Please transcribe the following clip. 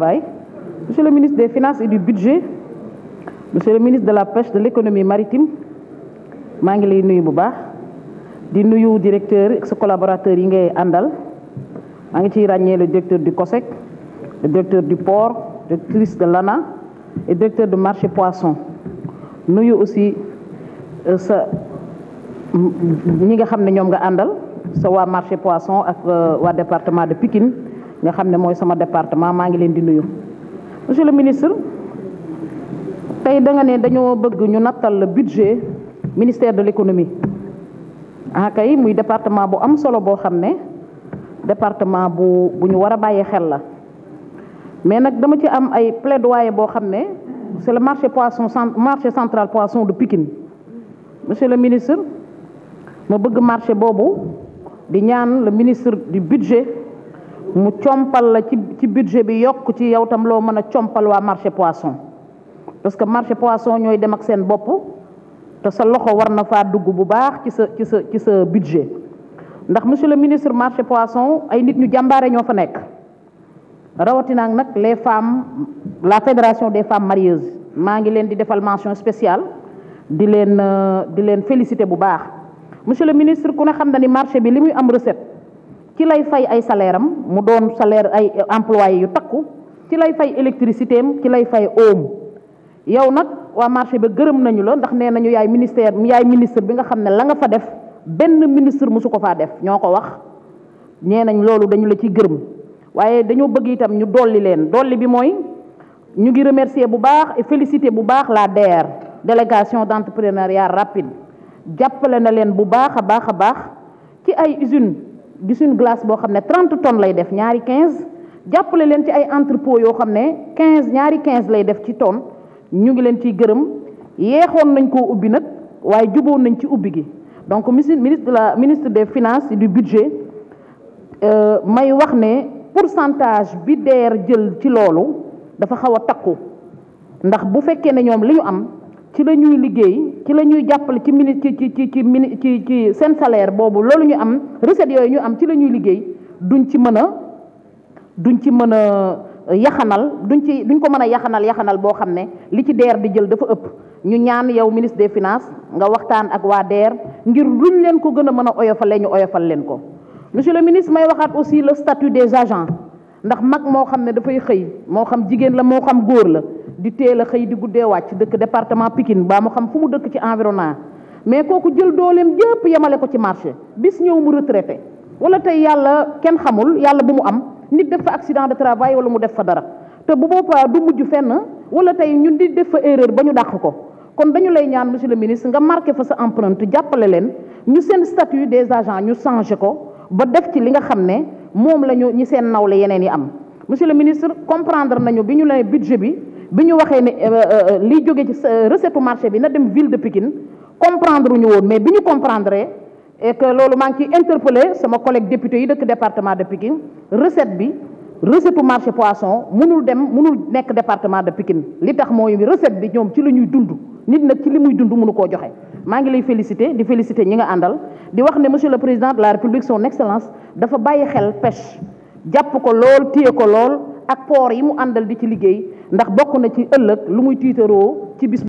Monsieur le ministre des Finances et du Budget, Monsieur le ministre de la Pêche, de l'économie maritime, maa ngi lay nuyu directeur et collaborateur collaborateurs yi Andal, àndal le directeur du COSEC le directeur du port directrice de l'ANA et directeur du marché poisson nuyu aussi euh, sa ñi nga Andal, ne marché poisson ak le euh, département de Pikine nga xam ne mooy sama département maa ngi leen di nuyu. monsieur le ministre nous da nga ne dañoo bëgg le budget ministère de l'économie ah muy département bu am solo boo xam département bu bu ñu war xel la mais nag dama ci am ay plaidoyer le marché poisson marché central poisson de Pikine monsieur le ministre ma bëgg marché boobu di ñaan le ministre du budget mu chompal la ci ci budget bi yok ci yow tam lo meuna chompal wa marché poisson parce que marché poisson ñoy dem ak sen bop te sa loxo war na faa dugg bu baax ci sa ci sa ci sa budget ndax monsieur le ministre marché poisson ay nit ñu jambaré ñoo fa rawatina nak les femmes la fédération des femmes marieuses ma ngi len di defal mention spéciale di len euh, di len féliciter bu baax monsieur le ministre ku ne xam na ni marché bi limuy am recette ci lay fay ay salaire am mu doon salaire ay employé yu takku ci lay fay électricité am ci lay fay oom yow nag waa marché ba gërëm nañu la ndax nee nañu yaay ministère yaay ministre bi nga xam ne la nga fa def benn ministre mosu ko faa def ñoo ko wax nee nañ loolu dañu la ci gërëm waaye dañoo bëgg itam ñu dolli leen dolli bi mooy ñu ngi remercier bu baax et bu baax la DER délégation d'entrepreneuriat rapide jàppale na leen bu baax a baax a baax ci ay usine gisuñu glace boo xam ne 30 tonnes lay def ñaari 15 jàppale leen ci ay entrepôt yoo xam ne 15 ñaari quinze lay def ci tonne ñu ngi leen ciy gërëm yeexoon nañ koo ubbi nag waaye juboon nañ ci ubbi gi donc ministre de la ministre des finances du budget euh, may wax ne pourcentage bi DER jël ci loolu dafa xaw a takku ndax bu fekkee ne ñoom li ñu am. ci la ñuy liggéey ci la ñuy jàppale ci mini ci ci ci ci ci seen salaire boobu loolu ñu am recette yooyu ñu am ci la ñuy liggéey duñ ci mën a duñ ci mën a yaxanal duñ ci duñ ko mën a yaxanal yaxanal boo xam ne li ci deer di jël dafa ëpp ñu ñaan yow ministre des finances nga waxtaan ak waa deer ngir luñ leen ko gën a mën a oyofale ñu oyofal leen ko. monsieur le ministre may waxaat aussi le statut des agents ndax mag moo xam ne dafay xëy moo xam jigéen la moo xam góor la. di teel a xëy di guddee wàcc dëkk département Pikine baa mu xam fu mu dëkk ci environnement mais kooku jël dooleem yépp yemale ko ci marché bis ñëw mu retraité wala tey yàlla kenn xamul yàlla bu mu am nit def fa accident de travail wala mu def fa dara te bu boobaa du mujj fenn wala tey ñun di def fa erreur ba ñu dàq ko kon dañu lay ñaan monsieur le ministre nga marqué fa sa empreinte jàppale leen ñu seen statut des agents ñu changé ko ba def ci li nga xam ne moom la ñu seen nawle yeneen yi am monsieur le ministre comprendre nañu bi ñu lay budget bi biñu waxé né euh, euh, euh, li joggé ci recette marché bi na dem ville de Pikine comprendre ñu won mais biñu ñu comprendre et que lolu maa ngi interpeller sama collègue député yi dëkk département de Pikine recette bi recette marché poisson mënul dem mënul nekk département de Pikine li tax moy recette bi ñom ci la dund nit nag ci limuy dund mënu ko joxé ma ngi lay féliciter di féliciter ñi nga àndal di wax né monsieur le président de la république son excellence dafa bayyi xel pêche japp ko lool téye ko lool ak port yi mu andal di ci liggéey ndax bokk na ci ëllëg lu muy tiitaroo ci bis